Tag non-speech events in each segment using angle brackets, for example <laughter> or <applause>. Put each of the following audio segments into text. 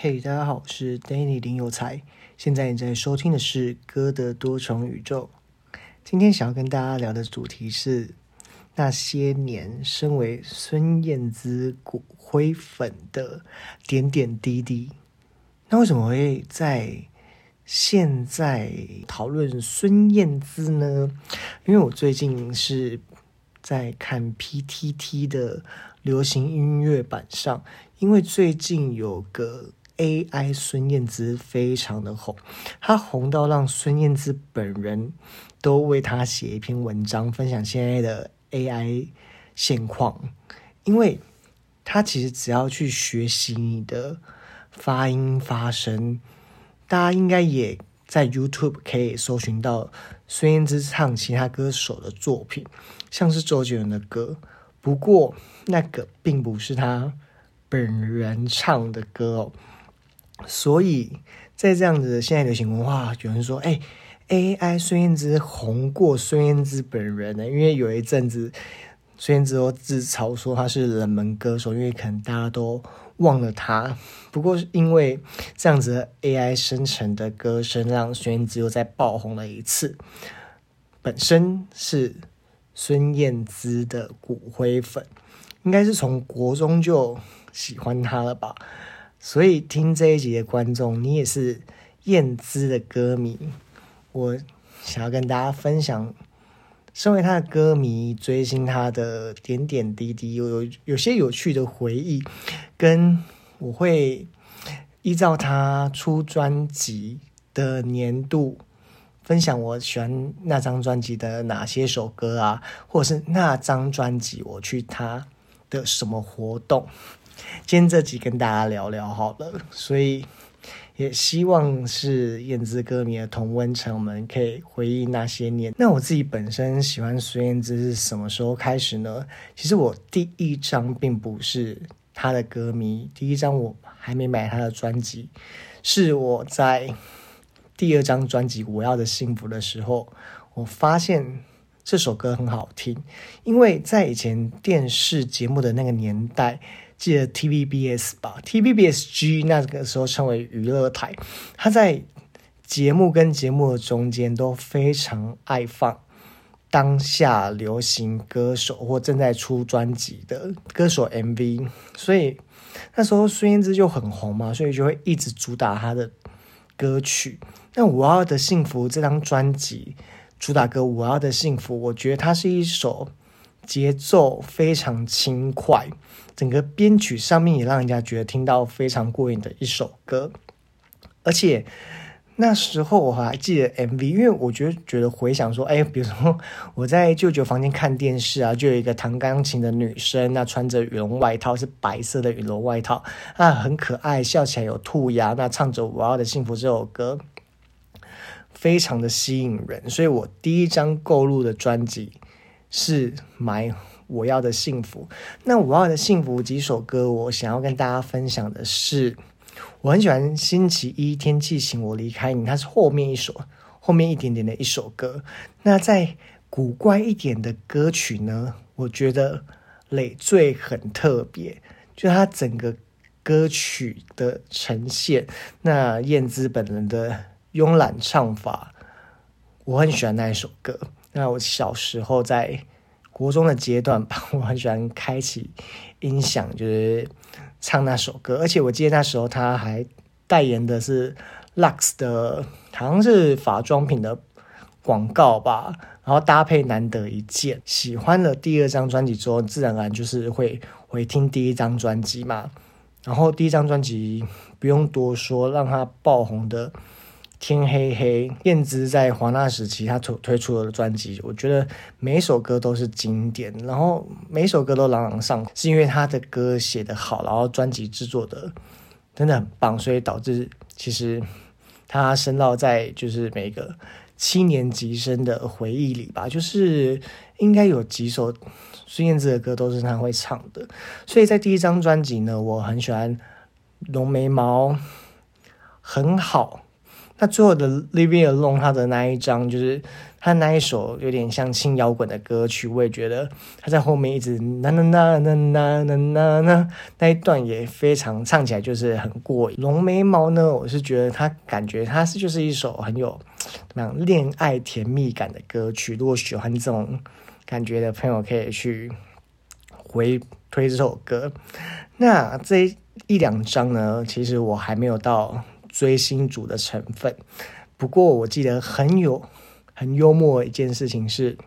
嘿、hey，大家好，我是 Danny 林有才。現在你在收聽的是《歌的多重宇宙》。今天想要跟大家聊的主題是那些年身為孫燕姿骨灰粉的點點滴滴。那為什麼會在現在討論孫燕姿呢？因為我最近是在看 PTT 的流行音樂版上，因為最近有個，AI 孫燕姿非常的紅，她紅到讓孫燕姿本人都為她寫一篇文章，分享現在的 AI 現況。因為她其實只要去學習你的發音發聲，大家應該也在 YouTube 可以搜尋到孫燕姿唱其他歌手的作品，像是周杰倫的歌。不過那個並不是她本人唱的歌哦。所以，在這樣子的現在流行文化，有人說：“誒、欸、AI 孫燕姿紅過孫燕姿本人的、欸。”因為有一陣子，孫燕姿自嘲說她是冷門歌手，因為可能大家都忘了她。不過是因為這樣子的 AI 生成的歌聲，讓孫燕姿又再爆紅了一次。本身是孫燕姿的骨灰粉，應該是從國中就喜歡她了吧。所以聽這一集的觀眾，你也是燕姿的歌迷，我想要跟大家分享，身為她的歌迷，追星她的點點滴滴，有有有些有趣的回憶，跟我會依照她出專輯的年度，分享我喜歡那張專輯的哪些首歌啊，或者是那張專輯我去她的什麼活動。今天這集跟大家聊聊好了，所以也希望是燕姿歌迷的同溫層們可以回憶那些年。那我自己本身喜歡孫燕姿是什麼時候開始呢？其實我第一張並不是她的歌迷，第一張我還沒買她的專輯，是我在第二張專輯《我要的幸福》的時候，我發現這首歌很好聽，因為在以前電視節目的那個年代。記得 TVBS 吧，TVBSG 那個時候稱為娛樂台，他在節目跟節目的中間都非常愛放當下流行歌手或正在出專輯的歌手 MV，所以那時候孫燕姿就很紅嘛，所以就會一直主打她的歌曲。那《我要的幸福》這張專輯主打歌《我要的幸福》，我覺得它是一首。節奏非常輕快，整個編曲上面也讓人家覺得聽到非常過癮的一首歌。而且那時候我還記得 MV，因為我覺得覺得回想說，哎、欸，比如說我在舅舅房間看電視啊，就有一個彈鋼琴的女生那穿着羽絨外套，是白色的羽絨外套啊，很可愛，笑起來有兔牙，那唱着《我要的幸福》這首歌，非常的吸引人。所以我第一張購入的專輯。是買我要的幸福。那我要的幸福幾首歌，我想要跟大家分享的是，我很喜歡《星期一天氣晴我離開你》，它是後面一首，後面一點點的一首歌。那再古怪一點的歌曲呢，我覺得累贅很特別，就它整個歌曲的呈現，那燕姿本人的慵懶唱法，我很喜歡那一首歌。那我小時候在國中的階段吧，我很喜歡開啟音響，就是唱那首歌，而且我記得那時候他還代言的是 Lux 的，好像是化妝品的廣告吧，然後搭配難得一見。喜歡了第二張專輯之後，自然而然就是會會聽第一張專輯嘛。然後第一張專輯不用多說，讓他爆紅的。天黑黑，燕姿在華納時期，她所推出的專輯，我覺得每首歌都是經典，然後每首歌都朗朗上口，是因為她的歌寫得好，然後專輯製作的真的很棒，所以導致其實他深烙在就是每一個七年級生的回憶裡吧，就是應該有幾首孫燕姿的歌都是他會唱的，所以在第一張專輯呢，我很喜歡濃眉毛，很好。那最後的《Living Alone》他的那一張，就是他那一首有點像輕搖滾的歌曲，我也覺得他在後面一直吶吶吶吶吶吶吶那一段也非常，唱起來就是很過癮。《濃眉毛》呢，我是覺得他感覺他是就是一首很有怎麼樣戀愛甜蜜感的歌曲，如果喜歡這種感覺的朋友可以去回推這首歌。那這一兩張呢，其實我還沒有到追星族的成分，不過我記得很有很幽默的一件事情是，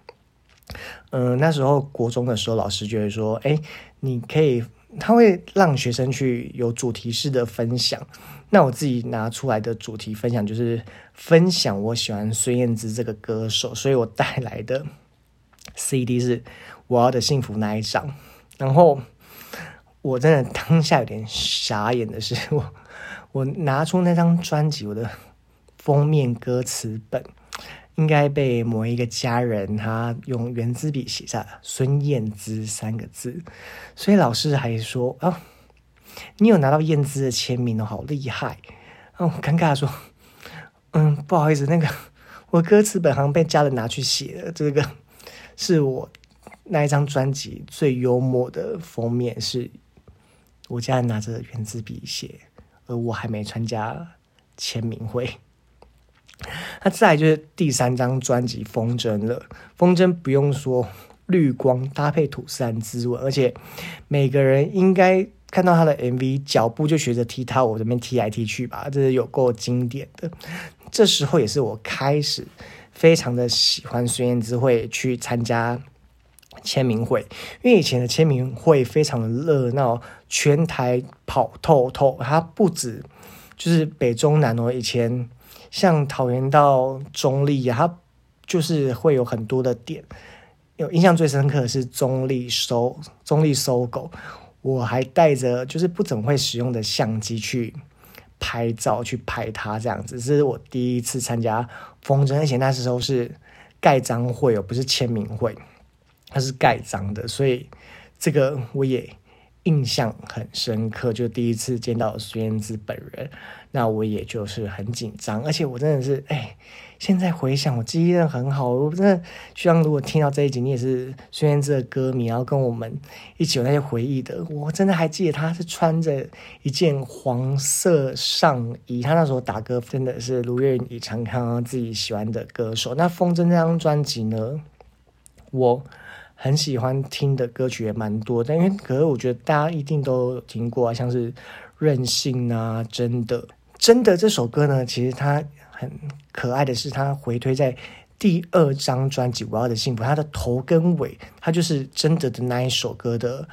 嗯、呃，那時候國中的時候，老師覺得說，誒，你可以，他會讓學生去有主題式的分享。那我自己拿出來的主題分享就是分享我喜歡孫燕姿這個歌手，所以我帶來的 CD 是我要的幸福那一張。然後我真的當下有點傻眼的是我。我拿出那張專輯，我的封面歌詞本應該被某一個家人他用原子筆寫下來“孫燕姿”三個字，所以老師還說：“啊、哦，你有拿到燕姿的簽名哦，好厲害！”啊、哦，我尷尬說：“嗯，不好意思，那個我歌詞本好像被家人拿去寫了，這個是我那一張專輯最幽默的封面，是我家人拿着原子筆寫。”我還沒參加簽名會，那再來就是第三張專輯《風箏》了。風箏不用說，綠光搭配土山滋味，而且每個人應該看到他的 MV，腳步就學着踢踏，我這邊踢來踢去吧，這是有夠經典的。這時候也是我開始非常的喜歡孫燕姿，會去參加。簽名會，因為以前的簽名會非常熱鬧，全台跑透透。它不止就是北中南哦，以前像桃園到中壢啊，它就是會有很多的點。有印象最深刻的是中壢 SOGO、中壢 SOGO，我還帶着就是不怎麼會使用的相機去拍照，去拍它這樣子，是我第一次參加風箏。而且那時候是蓋章會哦，不是簽名會。他是蓋章的，所以這個我也印象很深刻。就第一次見到孫燕姿本人，那我也就是很緊張，而且我真的是哎，現在回想我記憶力很好。我真的希望如果聽到這一集，你也是孫燕姿的歌迷，然後跟我們一起有那些回憶的，我真的還記得她是穿着一件黃色上衣，她那時候打歌真的是如願以償，看到自己喜歡的歌手。那《風箏》這張專輯呢，我。很喜歡聽的歌曲也蠻多，但因為可是我覺得大家一定都聽過啊，像是任性啊、真的、真的這首歌呢，其實它很可愛的是它回推在第二張專輯《我要的幸福》，它的頭跟尾，它就是真的的那一首歌的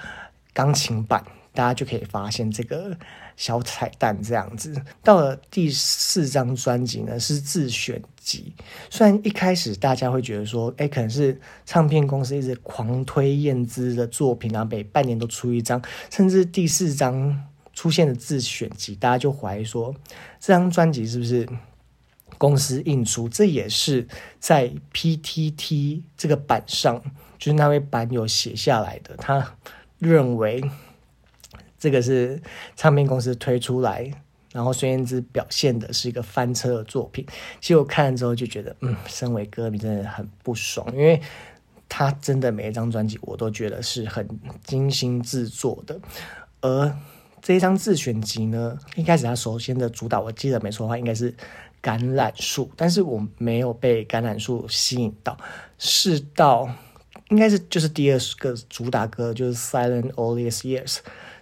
鋼琴版，大家就可以發現這個小彩蛋這樣子。到了第四張專輯呢，是自選。集雖然一開始大家會覺得說，哎、欸，可能是唱片公司一直狂推燕姿的作品，然後每半年都出一張，甚至第四張出現的自選輯，大家就懷疑說，這張專輯是不是公司印出？這也是在 PTT 這個版上，就是那位版友寫下來的，他認為這個是唱片公司推出來。然後孫燕姿表現的是一個翻車的作品，其實我看了之後就覺得，嗯，身為歌迷真的很不爽，因為他真的每一張專輯我都覺得是很精心製作的，而這一張自選集呢，一開始他首先的主打，我記得沒錯的話應該是橄欖樹，但是我沒有被橄欖樹吸引到，是到應該是就是第二個主打歌就是 Silent All These Years。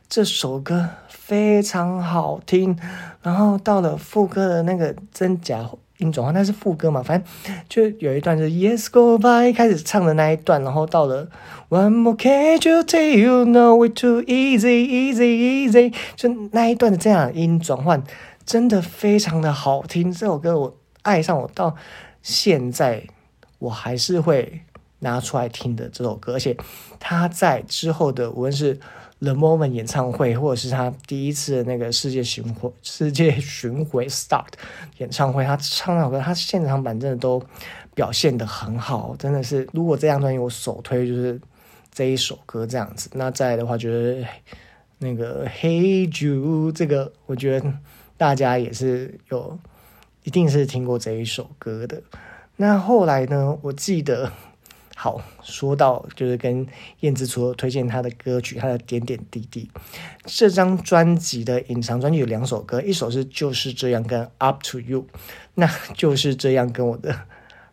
這首歌非常好聽，然後到了副歌的那個真假音轉換，那是副歌嘛？反正就有一段就是 “Yes go by” 開始唱的那一段，然後到了 “One more can you tell you know it's too easy, easy, easy”，就那一段的真假音轉換真的非常的好聽。這首歌我愛上我到現在我還是會拿出來聽的。這首歌，而且它在之後的無論是 The Moment 演唱會，或者是他第一次的那個世界巡回、世界巡回 Start 演唱會，他唱那首歌，他現場版真的都表現得很好，真的是。如果這張專輯我首推就是這一首歌這樣子。那再來的話，就是那個《Hey Jude》這個，我覺得大家也是有一定是聽過這一首歌的。那後來呢？我記得。好，說到就是跟燕姿除了推薦他的歌曲，他的點點滴滴。這張專輯的隱藏專輯有兩首歌，一首是就是這樣跟 Up to You，那就是這樣跟我的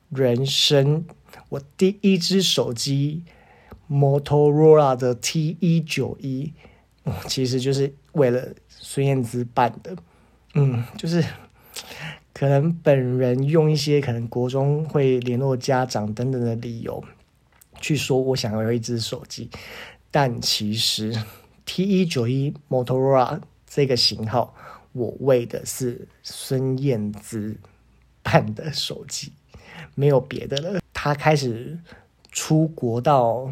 人生。我第一只手機 Motorola 的 T 一九一，其實就是為了孫燕姿辦的，嗯，就是。可能本人用一些可能國中會聯絡家長等等的理由，去說我想要有一隻手機，但其實 T 一九一 Motorola 這個型號，我為的是孫燕姿辦的手機，沒有別的了。他開始出國到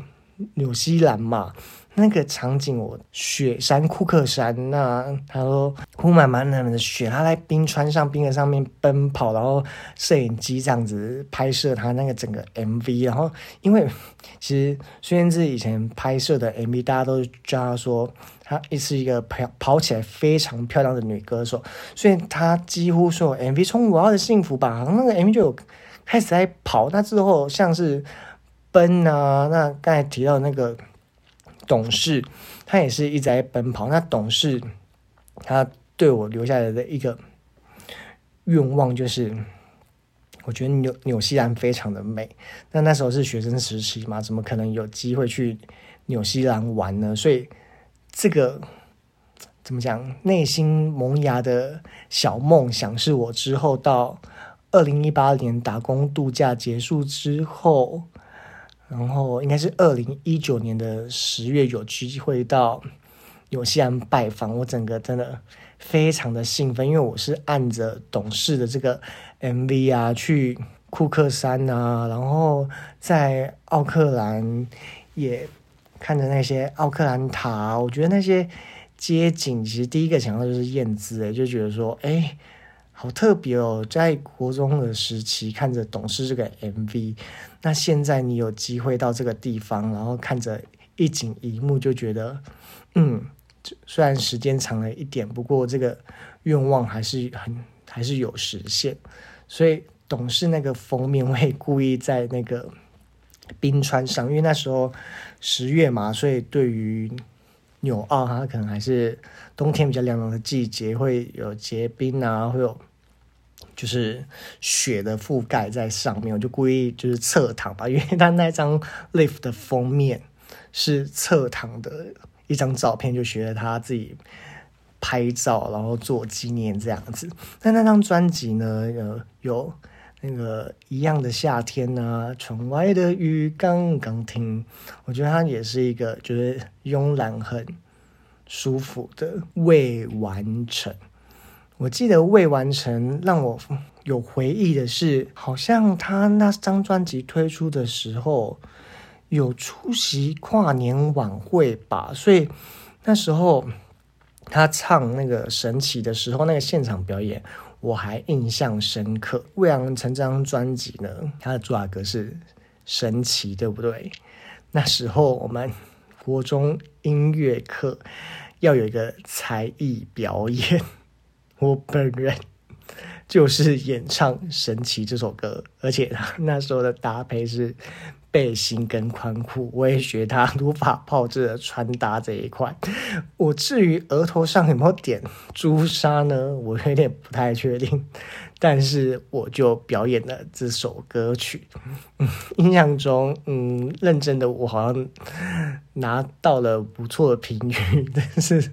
紐西蘭嘛。那個場景，我雪山庫克山吶、啊。他說鋪滿滿滿的雪，他在冰川上、冰河上面奔跑，然後攝影機這樣子拍攝他那個整個 MV。然後，因為其實孫燕姿以前拍攝的 MV，大家都知道他說他也是一個漂跑,跑起來非常漂亮的女歌手，所以她幾乎所有 MV，從《我要的幸福》吧，那個 MV 就有開始在跑，那之後像是奔啊，那剛才提到那個。董事，他也是一直在奔跑。那董事，他對我留下來的一個願望就是，我覺得紐紐西蘭非常的美。那那時候是學生時期嘛，怎麼可能有機會去紐西蘭玩呢？所以這個怎麼講，內心萌芽的小夢想，是我之後到二零一八年打工度假結束之後。然後應該是二零一九年的十月有機會到紐西蘭拜訪，我整個真的非常的興奮，因為我是按着懂事的這個 MV 啊，去庫克山吶、啊，然後在奧克蘭也看着那些奧克蘭塔，我覺得那些街景其實第一個想到就是燕姿誒，就覺得說哎。誒好特別哦，在國中的時期看着《懂事》這個 MV，那現在你有機會到這個地方，然後看着一景一幕，就覺得，嗯，雖然時間長了一點，不過這個願望還是很還是有實現。所以《懂事》那個封面，會故意在那個冰川上，因為那時候十月嘛，所以對於紐澳哈，可能還是冬天比較涼涼的季節，會有結冰啊，會有。就是雪的覆蓋在上面，我就故意就是側躺吧，因為他那張《Live》的封面是側躺的一張照片，就學着他自己拍照，然後做紀念這樣子。但那張專輯呢，有有那個一樣的夏天吶、啊，窗外的雨剛剛停，我覺得他也是一個就是慵懶很舒服的未完成。我記得未完成讓我有回憶的是，好像他那張專輯推出的時候，有出席跨年晚會吧？所以那時候他唱那個神奇的時候，那個現場表演我還印象深刻。未完成這張專輯呢，他的主打歌是神奇，對不對？那時候我們國中音樂課要有一個才藝表演。我本人就是演唱《神奇》這首歌，而且他那時候的搭配是背心跟寬褲，我也學他如法炮製的穿搭這一塊。我至於額頭上有沒有點朱砂呢？我有點不太確定。但是我就表演了這首歌曲，嗯，印象中，嗯，認真的我好像拿到了不錯的評語，但是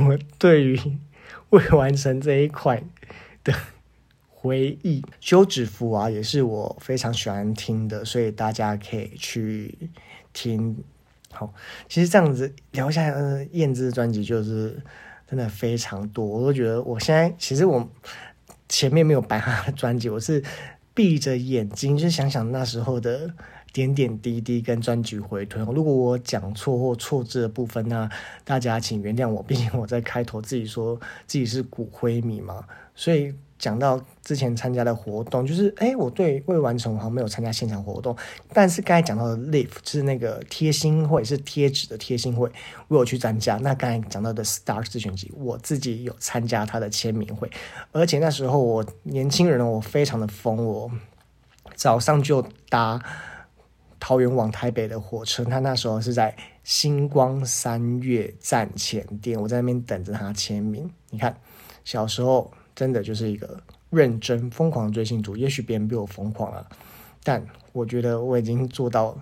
我對於。未完成這一款的回憶，《休止符》啊，也是我非常喜歡聽的，所以大家可以去聽。好，其實這樣子聊一下、呃、燕姿的專輯，就是真的非常多。我都覺得，我現在其實我前面沒有白哈的專輯，我是閉着眼睛就是想想那時候的。點點滴滴跟專輯回退。如果我講錯或錯字的部分呢，大家請原諒我。畢竟我在開頭自己說自己是骨灰迷嘛，所以講到之前參加的活動，就是誒、欸，我對未完成我好像沒有參加現場活動，但是剛才講到的 Leave 是那個貼心會，是貼紙的貼心會，我有去參加。那剛才講到的 Start 自選集，我自己有參加他的簽名會，而且那時候我年輕人我非常的瘋，我早上就搭桃園往台北的火車，他那時候是在新光三越站前店，我在那邊等着他簽名。你看，小時候真的就是一個認真瘋狂追星族。也許別人比我瘋狂了、啊，但我覺得我已經做到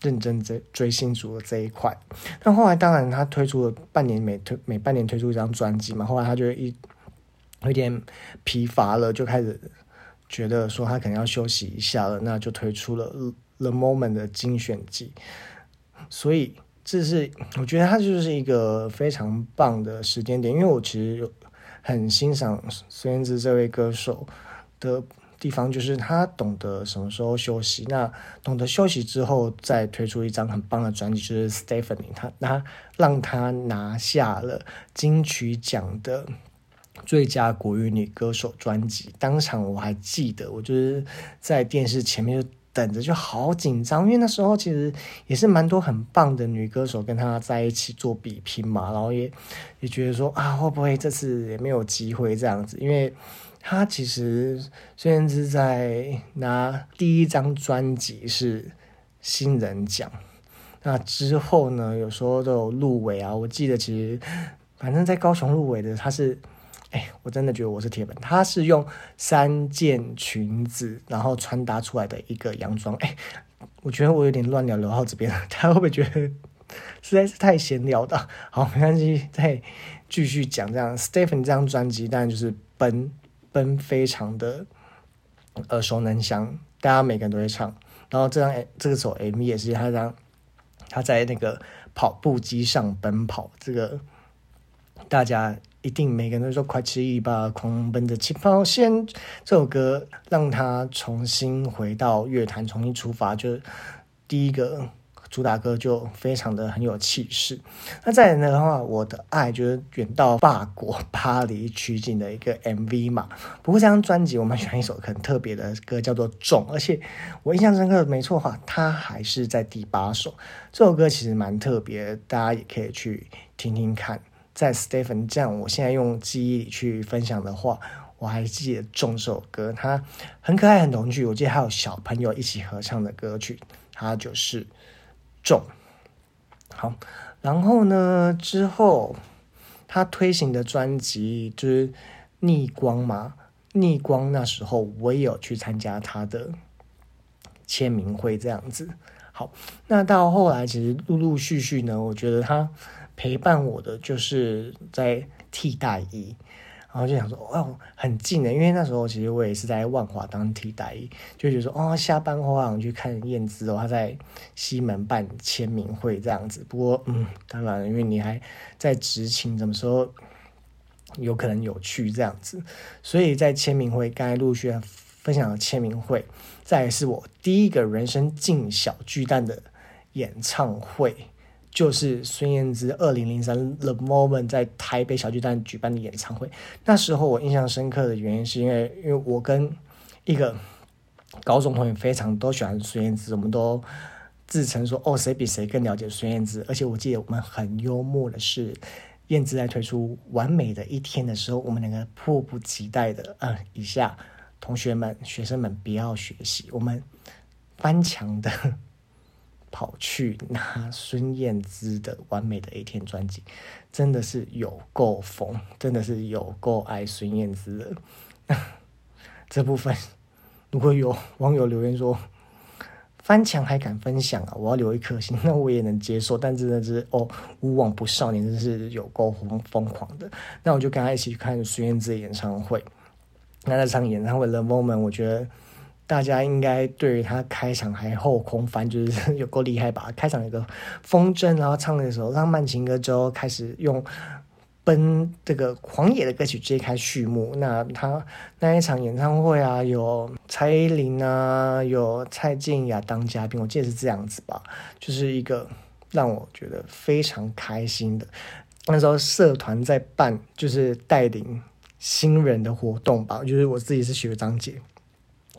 認真追追星族的這一塊。但後來，當然他推出了半年每推每半年推出一張專輯嘛，後來他就一有點疲乏了，就開始覺得說他可能要休息一下了，那就推出了。The Moment 的精選輯，所以這是我覺得它就是一個非常棒的時間點。因為我其實很欣賞孫燕姿這位歌手的地方，就是她懂得什麼時候休息。那懂得休息之後，再推出一張很棒的專輯，就是《Stephanie》，她她讓她拿下了金曲獎的最佳國語女歌手專輯。當場我還記得，我就是在電視前面就等着就好緊張，因為那時候其實也是蠻多很棒的女歌手跟她在一起做比拼嘛，然後也也覺得說啊，會不會這次也沒有機會這樣子？因為她其實雖然是在拿第一張專輯是新人獎，那之後呢，有時候都有入圍啊，我記得其實反正在高雄入圍的她是。哎、欸，我真的覺得我是鐵粉。他是用三件裙子，然後穿搭出來的一個洋裝。哎、欸，我覺得我有點亂了，劉浩這邊他會不會覺得實在是太閒聊的？好，沒關係，再繼續講。這樣，Stephen 這張專輯當然就是奔奔非常的耳熟能詳，大家每個人都會唱。然後這張這個時候 Amy 也是他這張，他在那個跑步機上奔跑，這個大家。一定每個人都說快起跑吧，狂奔的起跑線，這首歌讓他重新回到樂壇，重新出發，就是第一個主打歌就非常的很有氣勢。那再來的話，我的愛就是遠到法國巴黎取景的一個 MV 嘛。不過這張專輯我們選一首很特別的歌，叫做《重》，而且我印象深刻的沒錯的話，它還是在第八首。這首歌其實蠻特別，大家也可以去聽聽看。在 Stefanie 這樣，我現在用記憶去分享的話，我還記得種這首歌，它很可愛很童趣。我記得還有小朋友一起合唱的歌曲，它就是種。好，然後呢之後，他推行的專輯就是逆光嘛，逆光那時候我也有去參加他的簽名會這樣子。好，那到後來其實陸陸續續呢，我覺得他。陪伴我的就是在替代役，然後就想說哦，很近的，因為那時候其實我也是在萬華當替代役，就覺得說哦，下班後我想去看燕姿哦，他在西門辦簽名會這樣子。不過嗯，當然，因為你還在執勤，怎麼說有可能有去這樣子。所以在簽名會，剛才陸續分享了簽名會，再是我第一個人生進小巨蛋的演唱會。就是孫燕姿二零零三《The Moment》在台北小巨蛋舉辦的演唱會，那時候我印象深刻的原因是因為，因為我跟一個高中同學非常都喜歡孫燕姿，我們都自稱說哦，誰比誰更了解孫燕姿，而且我記得我們很幽默的是，燕姿在推出《完美的一天》的時候，我們兩個迫不及待的，嗯，一下同學們、學生們不要學習，我們翻牆的。跑去拿孫燕姿的《完美的一天》專輯，真的是有夠瘋，真的是有夠愛孫燕姿的 <laughs> 這部分。如果有網友留言說翻牆還敢分享啊，我要留一顆心，那我也能接受。但真的、就是哦，無往不少年，你真是有夠瘋瘋狂的。那我就跟他一起去看孫燕姿的演唱會，那場演唱會的 Moment，我覺得。大家應該對於他開場還後空翻，就是有夠厲害吧？開場有個風箏，然後唱了一首浪漫情歌之後，開始用奔這個狂野的歌曲揭開序幕。那他那一場演唱會啊，有蔡依林啊，有蔡健雅當嘉賓，我記得是這樣子吧？就是一個讓我覺得非常開心的。那時候社團在辦，就是帶領新人的活動吧，就是我自己是學長姐。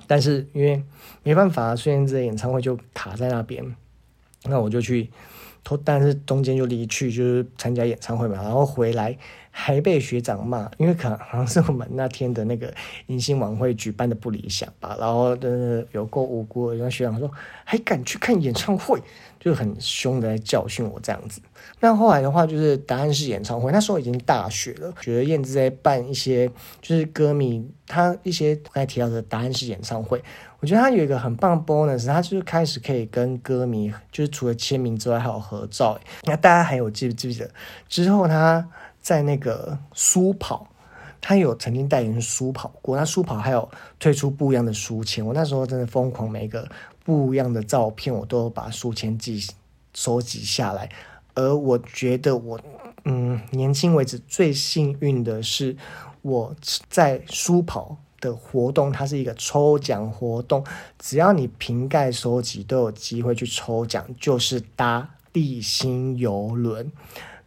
但是因為沒辦法，雖然這個演唱會就卡在那邊，那我就去偷，但是中間就離去，就是參加演唱會嘛，然後回來。還被學長罵，因為可能好像是我們那天的那個迎新晚會舉辦的不理想吧，然後就是有夠無辜的。然後學長說，還敢去看演唱會，就很凶的在教訓我這樣子。那後來的話，就是答案是演唱會。那時候已經大學了，覺得燕姿在辦一些就是歌迷，他一些剛才提到的答案是演唱會，我覺得他有一個很棒的 bonus，他就是開始可以跟歌迷就是除了簽名之外還有合照。那大家還有記不記不記得之後他？在那個舒跑，他有曾經代言舒跑過。那舒跑還有推出不一樣的書籤，我那時候真的瘋狂，每個不一樣的照片，我都把書籤集收集下來。而我覺得我，嗯，年輕為止最幸運的是，我在舒跑的活動，它是一個抽獎活動，只要你瓶蓋收集都有機會去抽獎，就是搭地心遊輪。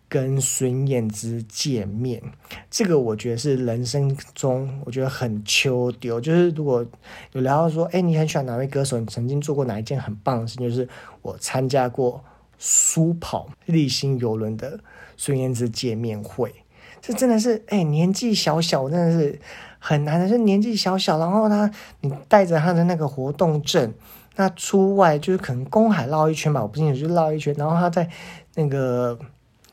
跟孫燕姿見面，這個我覺得是人生中我覺得很秋丟，就是如果有聊到說，哎、欸，你很喜歡哪位歌手？你曾經做過哪一件很棒的事？就是我參加過書跑麗星郵輪的孫燕姿見面會，這真的是哎、欸，年紀小小真的是很難的，就是年紀小小，然後他你帶着他的那個活動證，那出外就是可能公海繞一圈吧，我不清楚，就是、繞一圈，然後他在那個。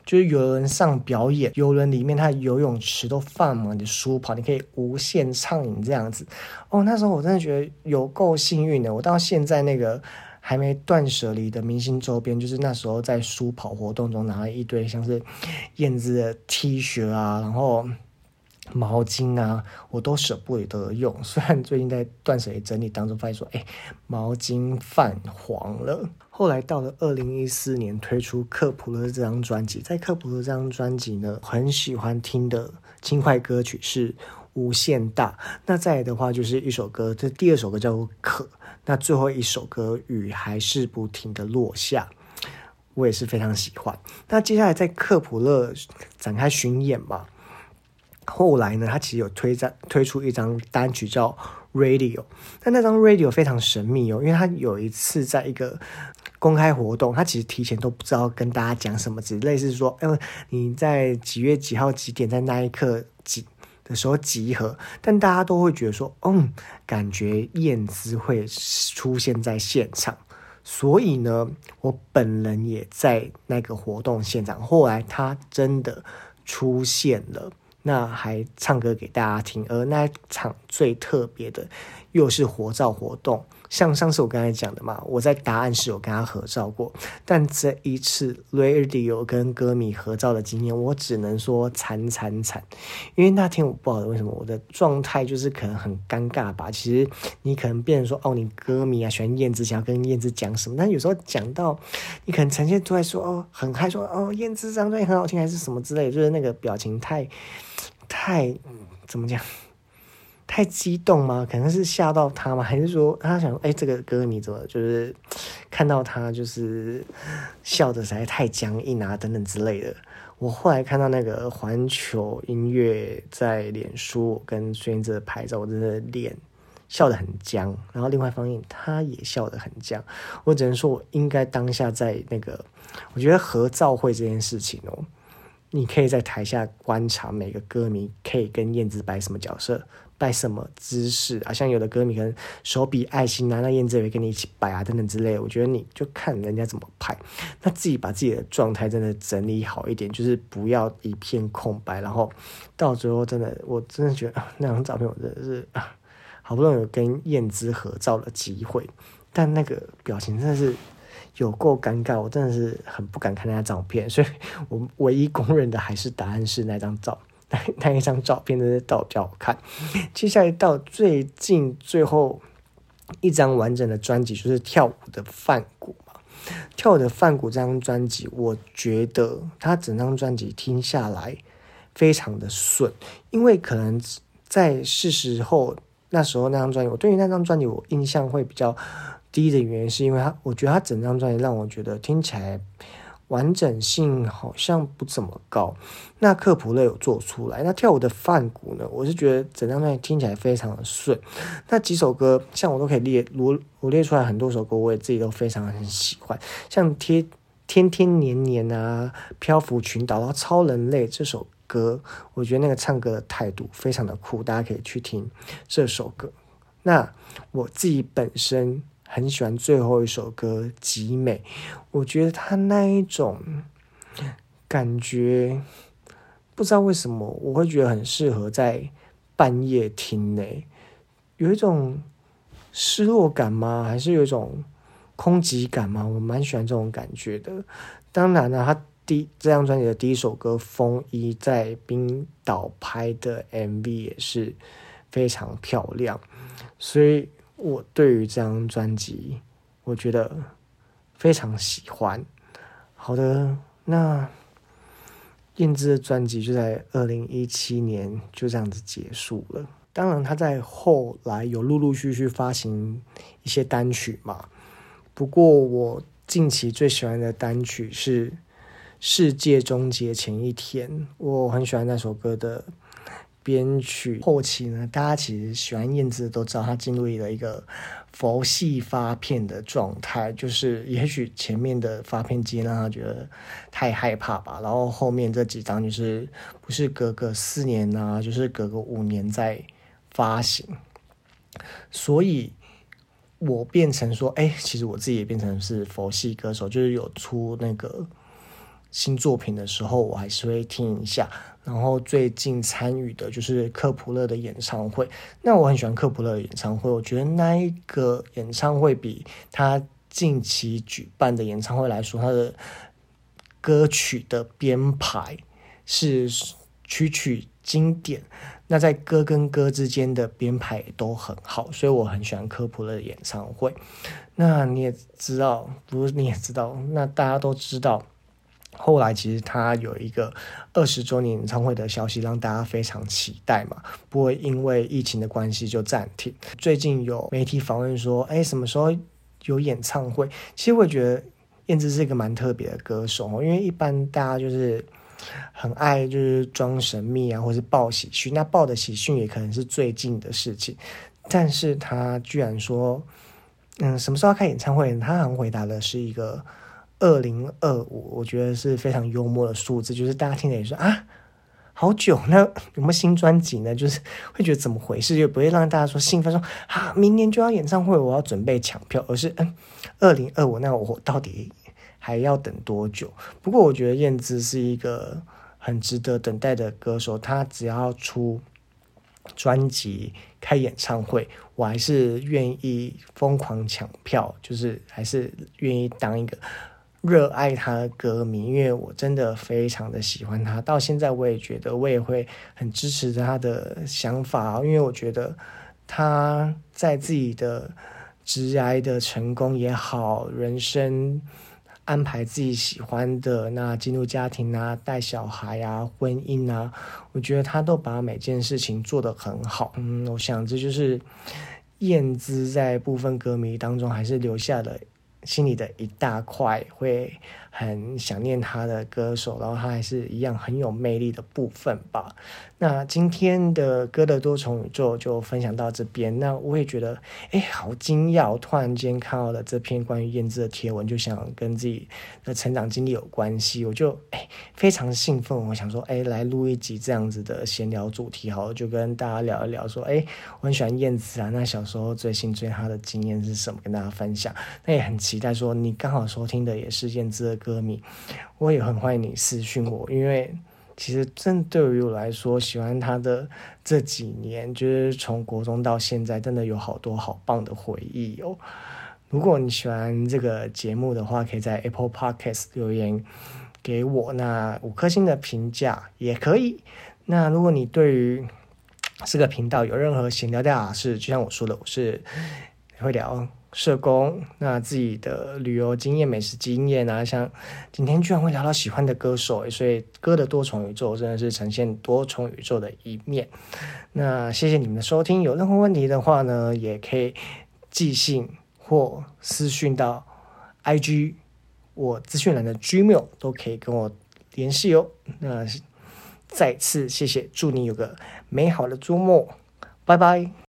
就是遊輪上表演，遊輪裡面他游泳池都放滿的書跑，你可以無限暢飲這樣子。哦，那時候我真的覺得有夠幸運的，我到現在那個還沒斷捨離的明星周邊，就是那時候在書跑活動中拿了一堆像是燕姿的 T 恤啊，然後毛巾啊，我都捨不得用。雖然最近在斷捨離整理當中發現說，哎、欸，毛巾泛黃了。後來到了二零一四年，推出《克卜勒》這張專輯。在《克卜勒》這張專輯呢，很喜歡聽的輕快歌曲是《無限大》。那再來的話，就是一首歌，這第二首歌叫《渴》，那最後一首歌《雨還是不停地落下》，我也是非常喜歡。那接下來在《克卜勒》展開巡演吧。後來呢，他其實有推張推出一張單曲叫 Radio，但那張 Radio 非常神秘哦，因為他有一次在一個公開活動，他其實提前都不知道跟大家講什麼之，只類似說，哎，你在幾月幾號幾點，在那一刻集的時候集合，但大家都會覺得說，嗯、哦，感覺燕姿會出現在現場，所以呢，我本人也在那個活動現場，後來他真的出現了。那還唱歌給大家聽，而那場最特別的又是合照活動，像上次我剛才講的嘛，我在答案室有跟他合照過，但這一次 Radio 跟歌迷合照的經驗，我只能說慘慘慘，因為那天我不曉得為什麼我的狀態就是可能很尷尬吧。其實你可能變成說哦，你歌迷啊，喜歡燕姿，想要跟燕姿講什麼，但有時候講到你可能呈現出來說哦，很嗨，說哦，燕姿張歌很好聽，還是什麼之類的，就是那個表情太。太，嗯，怎麼講？太激動嗎？可能是嚇到他嗎？還是說他想，哎，欸，這個歌你怎麼，就是看到他就是笑得實在太僵硬啊，等等之類的。我後來看到那個環球音樂在臉書跟孫燕姿拍照，我真的臉笑得很僵。然後另外一方面，他也笑得很僵。我只能說，我應該當下在那個，我覺得合照會這件事情哦，喔。你可以在台下觀察每個歌迷可以跟燕姿擺什麼角色，擺什麼姿勢啊，像有的歌迷可能手比愛心啊，那燕姿也會跟你一起擺啊，等等之類的。我覺得你就看人家怎麼拍，那自己把自己的狀態真的整理好一點，就是不要一片空白，然後到最後真的，我真的覺得那張照片，我真的是好不容易有跟燕姿合照的機會，但那個表情真的是。有夠尷尬，我真的是很不敢看那張照片，所以我唯一公認的還是答案是那張照片，那那一張照片真的比較好看。接下來到最近最後一張完整的專輯，就是跳舞的梵谷嘛。跳舞的梵谷這張專輯，我覺得他整張專輯聽下來非常的順，因為可能在是時候那時候那張專輯，我對於那張專輯我印象會比較。低的原因是因為他，我覺得他整張專輯讓我覺得聽起來完整性好像不怎麼高。那克卜勒有做出來，那跳舞的梵谷呢？我是覺得整張專輯聽起來非常的順。那幾首歌，像我都可以列羅羅列出來很多首歌，我也自己都非常很喜歡，像天天天年年啊，漂浮群島、啊，超人類這首歌，我覺得那個唱歌的態度非常的酷，大家可以去聽這首歌。那我自己本身。很喜歡最後一首歌《極美》，我覺得他那一種感覺，不知道為什麼我會覺得很適合在半夜聽呢，有一種失落感嗎？還是有一種空寂感嗎？我蠻喜歡這種感覺的。當然呢、啊，他第這張專輯的第一首歌《風衣》在冰島拍的 MV 也是非常漂亮，所以。我對於這張專輯，我覺得非常喜歡。好的，那燕姿的專輯就在二零一七年就這樣子結束了。當然，他在後來有陸陸續續發行一些單曲嘛。不過，我近期最喜歡的單曲是《世界終結前一天》，我很喜歡那首歌的。編曲後期呢，大家其實喜歡燕姿都知道，她進入了一個佛系發片的狀態，就是也許前面的發片機讓她覺得太害怕吧，然後後面這幾張就是不是隔個四年呢、啊，就是隔個五年再發行，所以我變成說，哎、欸，其實我自己也變成是佛系歌手，就是有出那個。新作品的時候，我還是會聽一下。然後最近參與的就是克卜勒的演唱會。那我很喜歡克卜勒演唱會，我覺得那一個演唱會比他近期舉辦的演唱會來說，他的歌曲的編排是曲曲經典。那在歌跟歌之間的編排都很好，所以我很喜歡克卜勒演唱會。那你也知道，不是，你也知道，那大家都知道。後來其實他有一個二十週年演唱會的消息，讓大家非常期待嘛。不會因為疫情的關係就暫停。最近有媒體訪問說：“哎，什麼時候有演唱會？”其實我覺得燕姿是一個蠻特別的歌手，因為一般大家就是很愛就是裝神秘啊，或是報喜訊。那報的喜訊也可能是最近的事情，但是他居然說：“嗯，什麼時候開演唱會？”他好像回答的是一個。二零二五，我覺得是非常幽默的數字，就是大家聽着也說啊，好久，那有沒有新專輯呢？就是會覺得怎麼回事，就不會讓大家說興奮說啊，明年就要演唱會，我要準備搶票，而是嗯，二零二五，那我到底還要等多久？不過我覺得燕姿是一個很值得等待的歌手，她只要出專輯、開演唱會，我還是願意瘋狂搶票，就是還是願意當一個。熱愛他的歌迷，因為我真的非常的喜歡他，到現在我也覺得我也會很支持他的想法，因為我覺得他在自己的職涯的成功也好，人生安排自己喜歡的那進入家庭啊，帶小孩啊，婚姻啊，我覺得他都把每件事情做得很好，嗯，我想這就是燕姿在部分歌迷當中還是留下了。心裡的一大塊，會很想念他的歌手，然後他還是一樣很有魅力的部分吧。那今天的歌的多重宇宙就分享到這邊。那我也覺得，哎，好驚訝，我突然間看到了這篇關於燕姿的貼文，就想跟自己的成長經歷有關係，我就哎非常興奮，我想說，哎，來錄一集這樣子的閒聊主題，好，就跟大家聊一聊，說，哎，我很喜歡燕姿啊，那小時候追星追她的經驗是什麼，跟大家分享。那也很期待說，你剛好收聽的也是燕姿的歌。歌迷，我也很歡迎你私訊我，因為其實真對於我來說，喜歡他的這幾年，就是從國中到現在，真的有好多好棒的回憶哦。如果你喜歡這個節目的話，可以在 Apple Podcast 留言給我，那五顆星的評價也可以。那如果你對於這個頻道有任何閒聊聊的事，就像我說的，我是會聊。社工，那自己的旅遊經驗、美食經驗啊，像今天居然會聊到喜歡的歌手，所以歌的多重宇宙真的是呈現多重宇宙的一面。那謝謝你們的收聽，有任何問題的話呢，也可以寄信或私訊到 IG，我資訊欄的 Gmail 都可以跟我聯繫哦。那再次謝謝，祝你有個美好的週末，拜拜。